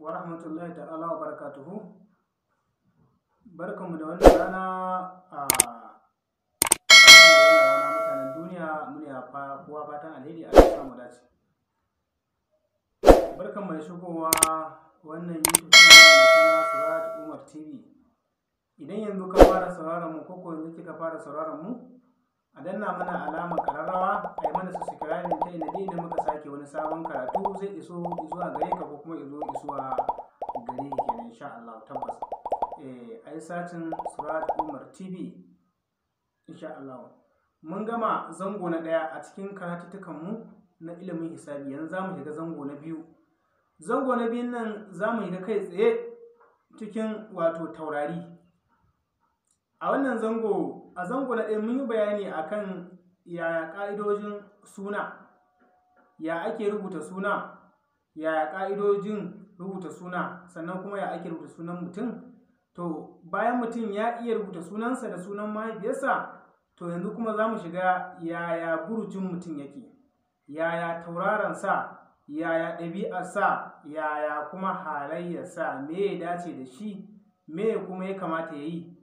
wa rahmatullahi ta'ala wa barakatuhu barkanmu da wannan rana a rana mutanen duniya a kowa fatan alheri a cikin samu dace barkan mai shigowa wannan youtube channel suna Umar TV idan yanzu ka fara sauraron mu ko yanzu kika fara sauraron mu a danna mana alama kararrawa a yi mana subscribe ta inda da muka sake wani sabon karatu zai iso zuwa gare ka ko kuma iso isuwa gare ka kenan insha Allah tabbas eh ai satin surat umar tv insha Allah mun gama zango na daya a cikin karatutukan mu na ilimin hisabi yanzu zamu shiga zango na biyu zango na biyun nan zamu shiga kai tsaye cikin wato taurari a wannan zango a zango na ɗaya mun yi bayani akan yaya ƙa'idojin suna ya ake rubuta suna yaya ƙa'idojin rubuta suna sannan kuma ya ake rubuta sunan mutum to bayan mutum ya iya rubuta sunansa da sunan mahaifiyarsa to yanzu kuma za mu shiga yaya burjin mutum yake yaya sa? yaya ɗabi'arsa yaya kuma halayyarsa me ya dace da shi me kuma ya kamata ya yi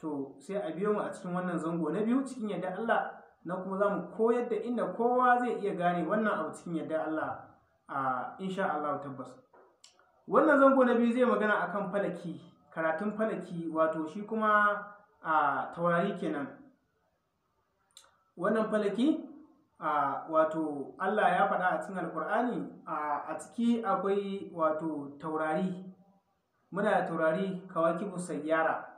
to sai a biyo mu a cikin wannan zango na biyu cikin yadda Allah na kuma za mu koyar da inda kowa zai iya gane wannan abu cikin yadda Allah a insha Allah tabbas wannan zango na biyu zai magana akan falaki karatun falaki wato shi kuma a taurari kenan wannan falaki a wato Allah ya faɗa a cikin alkur'ani a ciki akwai wato taurari muna da taurari kawaki sayyara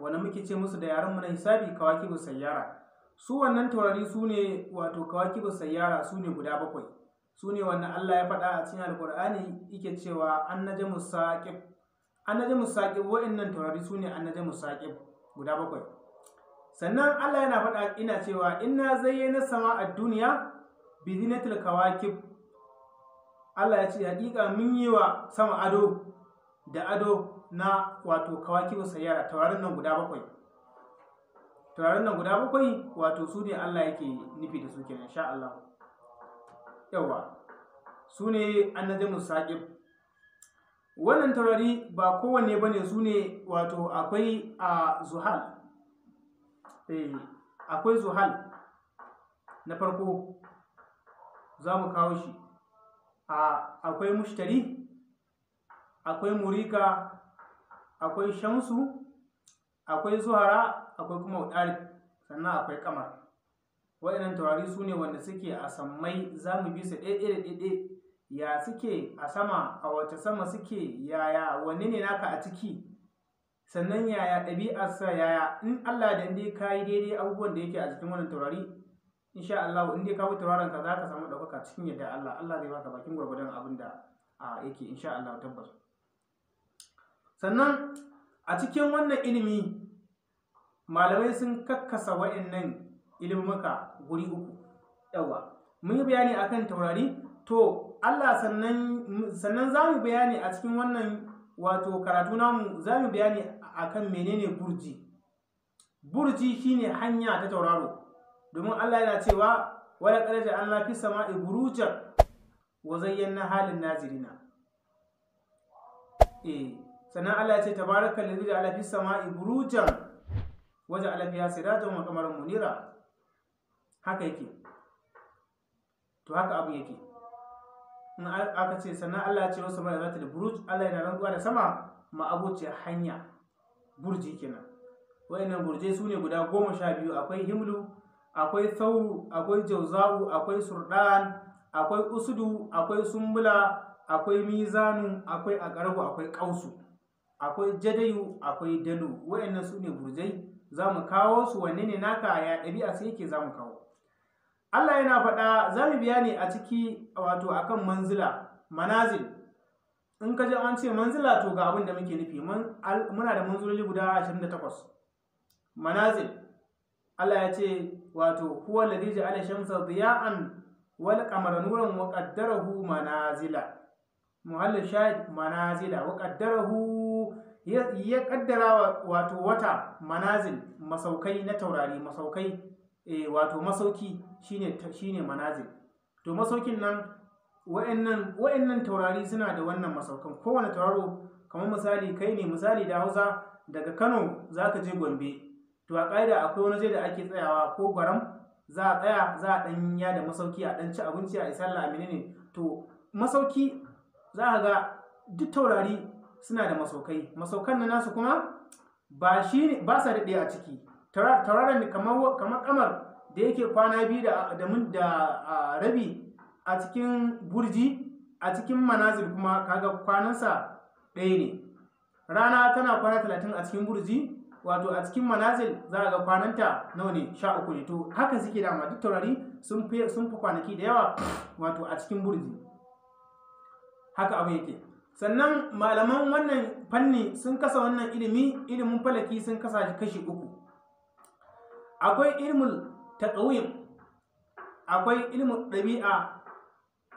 wanda muke ce musu da yaren mu na hisabi kawakibu sayyara su wannan taurari su ne wato kawakibu sayyara su ne guda bakwai su ne wanda Allah ya faɗa a cikin alkur'ani yake cewa annajmu musaqib annajmu musaqib wa'annan taurari su ne annajmu musaqib guda bakwai sannan Allah yana faɗa ina cewa inna zayyana sama'ad duniya bi zinatil kawakib Allah ya ce hakika mun yi wa sama ado da ado na wato kawakibu sayyara taurarin nan guda bakwai taurarin nan guda bakwai wato su ne Allah yake nufi da su kenan insha Allah yawa su ne annajamu saqib wannan taurari ba kowanne bane su ne wato akwai a zuhal eh akwai zuhal na farko za mu kawo shi akwai mushtari akwai murika akwai shamsu akwai zuhara akwai kuma udari sannan akwai kamar waɗannan taurari su ne wanda suke a sammai za mu bi su ɗaiɗe ya suke a sama a wata sama suke yaya wanne ne naka a ciki sannan yaya ɗabi'arsa yaya in Allah da inda ka yi daidai abubuwan da yake a cikin wannan taurari insha Allah in dai ka bi tauraron ka za ka samu ɗaukaka cikin yadda Allah Allah zai baka bakin gwargwadon abin da yake insha Allah tabbas sannan a cikin wannan ilimi malamai sun kakkasa wa'annan ilimuka guri uku yawa mun yi bayani akan taurari to Allah sannan za mu bayani a cikin wannan wato karatu namu za mu bayani akan menene burji burji shine hanya ta tauraro domin Allah yana cewa wala qadaja Allah fi sama'i burujan wa zayyana halin nazirina eh sannan Allah ya ce tabarakal ladzi ja'ala fis sama'i burujan waje ala fiha sirajan wa qamaran munira haka yake to haka abu yake in aka ce sannan Allah ya ce wasu mai zata da buruj Allah yana rantsuwa da sama ma abuce hanya burji kenan wayannan burje su ne guda goma sha biyu akwai himlu akwai sauru akwai jauzawu akwai surdan akwai usudu akwai sumbula akwai mizanu akwai akarabu akwai kausu akwai jadayu akwai dalu wayannan su ne burjai za mu kawo su wanne ne naka ya ɗabi'a sai yake za mu kawo Allah yana faɗa za mu biya ne a ciki wato akan manzila manazil in ka ji an ce manzila to ga abin da muke nufi muna da manziloli guda 28 manazil Allah ya ce wato huwa ladhi ja'ala shamsa diya'an wal qamara nuran wa qaddarahu manazila muhallin shahid manazila wa qaddarahu ya kaddara wato wata manazil masaukai na taurari masaukai eh, wato masauki shine shine manazil to masaukin nan wa'annan wa'annan taurari suna da wannan masaukan kowane tauraro kamar misali kai ne misali da Hausa daga Kano zaka je Gombe to a kaida akwai wani da ake tsayawa ko gwaram za a tsaya za a ɗan da masauki a ɗan abinci a isalla a menene to masauki za a ga duk taurari suna da masaukai masaukan na nasu kuma ba shi ba sa daɗe a ciki tauraron kamar kamar kamar da yake kwana biyu da da mun da rabi a cikin burji a cikin manazir kuma kaga kwanansa ɗaya ne rana tana kwana talatin a cikin burji wato a cikin manazil za a ga kwananta nawa ne sha uku ne to haka suke dama duk taurari sun fi kwanaki da yawa wato a cikin burji haka abu yake sannan malaman wannan fanni sun kasa wannan ilimi ilimin falaki sun kasa shi kashi uku akwai ilimin taqwim akwai ilimin ɗabi'a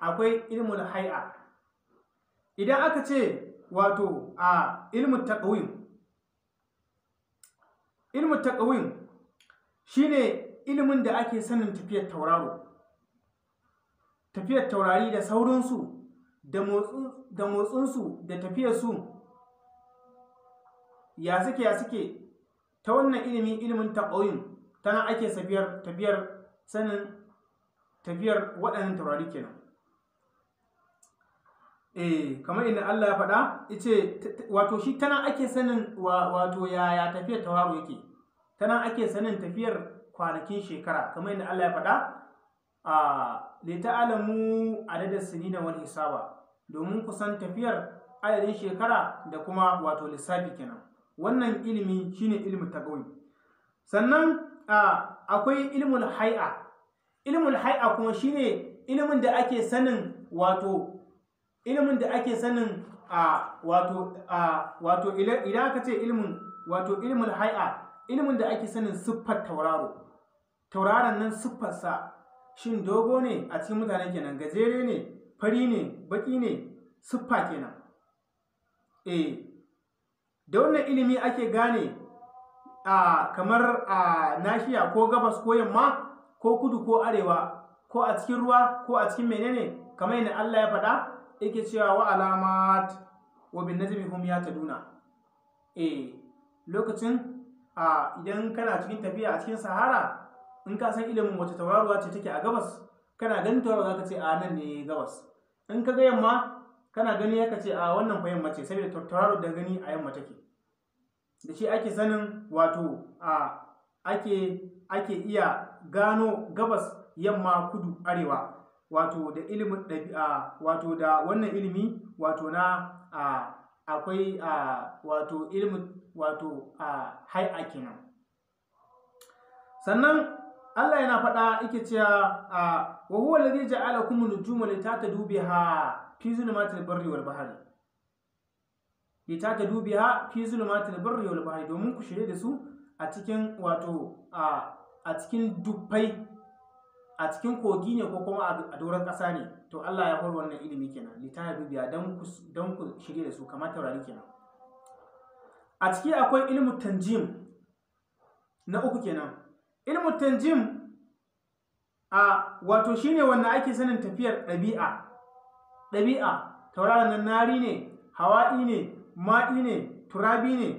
akwai ilimin hai'a idan aka ce wato a ilimin taqwim ilmul shi shine ilimin da ake sanin tafiyar tauraro tafiyar taurari da sauransu. da motsinsu da tafiyarsu ya suke ya suke ta wannan ilimi ilimin taɓoyin tana ake safiyar tafiyar sanin tafiyar waɗannan taurari kenan e kamar inda Allah ya faɗa yace wato shi tana ake sanin wato yaya tafiyar tauraro yake tana ake sanin tafiyar kwanakin shekara kamar inda Allah ya faɗa a li ta'lamu adada sinina wal hisaba domin kusan tafiyar adadin shekara da kuma wato lissafi kenan wannan ilimi shine ilmu tagawi sannan akwai ilmul hai'a ilmul hai'a kuma shine ilimin da ake sanin wato ilimin da ake sanin a wato a wato idan aka ce ilimin wato ilimin hai'a ilimin da ake sanin siffar tauraro tauraron nan siffarsa shin dogo ne a cikin mutane kenan gajere ne fari ne baki ne siffa kenan e da wannan ilimi ake gane a kamar a nashiya ko gabas ko yamma ko kudu ko arewa ko a cikin ruwa ko a cikin menene kamar yadda Allah ya faɗa yake cewa wa alamat wa bin najmi hum taduna eh lokacin a idan kana cikin tafiya a cikin sahara in ka san ilimin wace tauraruwa ce take a gabas kana ganin tauraruwa ka ce a nan ne gabas in ka ga yamma kana gani ya ce a wannan fa yamma ce saboda tauraruwa da gani a yamma take da shi ake sanin wato a ake ake iya gano gabas yamma kudu arewa wato da ilimin ɗabi'a wato da wannan ilimi wato na akwai wato ilimin wato a hai'a kenan sannan Allah yana faɗa yake cewa wa huwa alladhi ja'ala kum an-nujuma litatadu biha fi zulumatil barri wal bahri litatadu biha fi zulumatil barri wal bahri domin ku shirye da su a cikin wato a cikin dubbai a cikin kogi ne ko kuma a doron ƙasa ne to Allah ya horo wannan ilimi kenan ta biha dan ku dan ku shirye da su kamar taurari kenan a ciki akwai ilmu tanjim na uku kenan ilmu tanjim a wato shine wanda ake sanin tafiyar ɗabi'a ɗabi'a tauraron nan nari ne hawa'i ne ma'i ne turabi ne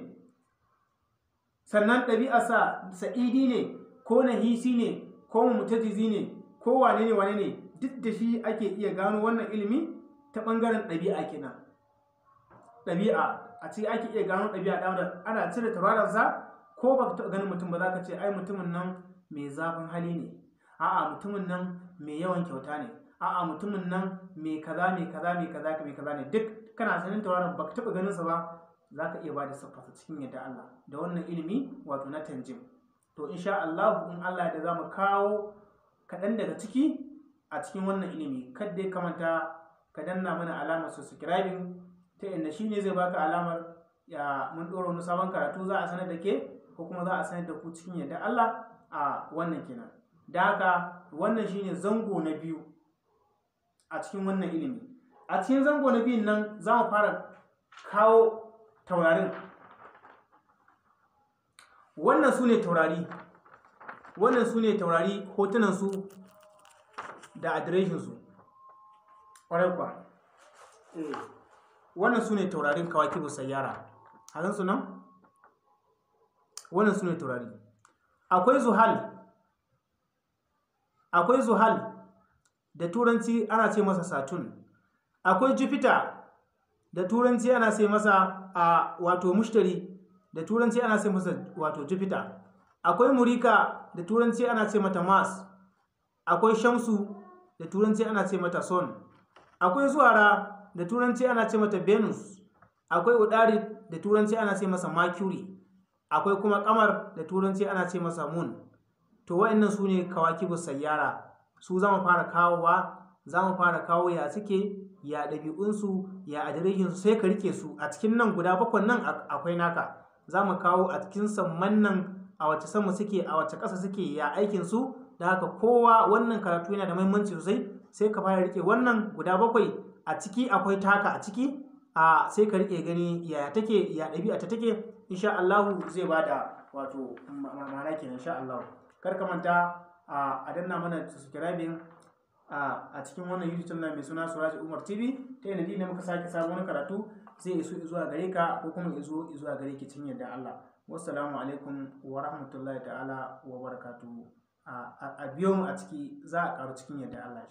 sannan ɗabi'a sa, sa'idi ne ko nahisi ne ko mutajizi ne ko wane ne wane ne duk da shi ake iya gano wannan ilimi ta ɓangaren ɗabi'a kenan ɗabi'a a ciki ake iya gano ɗabi'a ɗan ana cire tauraron sa ko ba ka taɓa ganin mutum ba za ka ce ai mutumin nan mai zafin hali ne a'a mutumin nan mai yawan kyauta ne a'a mutumin nan mai kaza mai kaza mai kaza mai kaza ne duk kana sanin tauraron ba ka taɓa ganin sa ba za ka iya ba da siffarsa cikin yadda Allah da wannan ilimi wato na tanjim to insha Allah in Allah da za mu kawo kaɗan daga ciki a cikin wannan ilimi kadda ya kamanta ka danna mana alamar subscribing ta inda shine zai baka alamar ya mun ɗora wani sabon karatu za a sanar da ke ko kuma za a sanar da ku cikin yadda Allah a wannan kenan da haka wannan shine zango na biyu a cikin wannan ilimi a cikin zango na biyun nan za mu fara kawo taurarin wannan su ne taurari wannan su ne taurari hotunansu da adireshinsu ƙwarai kwa eh. wannan su ne taurarin kawakibu sayyara a nan su nan wannan su ne taurari akwai zuhal akwai zuhal da turanci ana ce masa saturn akwai jupiter da turanci ana ce masa a wato mushtari da turanci ana ce masa wato jupiter akwai murika da turanci ana ce mata mars akwai shamsu da turanci ana ce mata sun akwai zuwara da turanci ana ce mata venus akwai udari da turanci ana ce masa mercury akwai kuma kamar da turanci ana ce masa moon to wa'annan su ne kawakibu sayyara su za fara kawowa za mu fara kawo ya suke ya ɗabi'unsu ya adireshinsu sai ka rike su a cikin nan guda bakwai nan akwai naka za mu kawo a cikin samman nan a wace sama suke a wace ƙasa suke ya aikinsu da haka kowa wannan karatu yana da muhimmanci sosai sai ka fara rike wannan guda bakwai a ciki akwai taka a ciki a sai ka rike gani yaya take ya ɗabi'a ta take insha Allah zai bada wato ma'ana kenan insha Allah kar manta a danna mana subscribing a cikin wannan YouTube channel mai suna Suraj Umar TV ta yadda ne muka sake sabon karatu zai iso zuwa gare ka ko kuma iso zuwa gare ki cikin yadda Allah wassalamu alaikum wa rahmatullahi ta'ala wa barakatuh a biyo mu a ciki za a karu cikin yadda Allah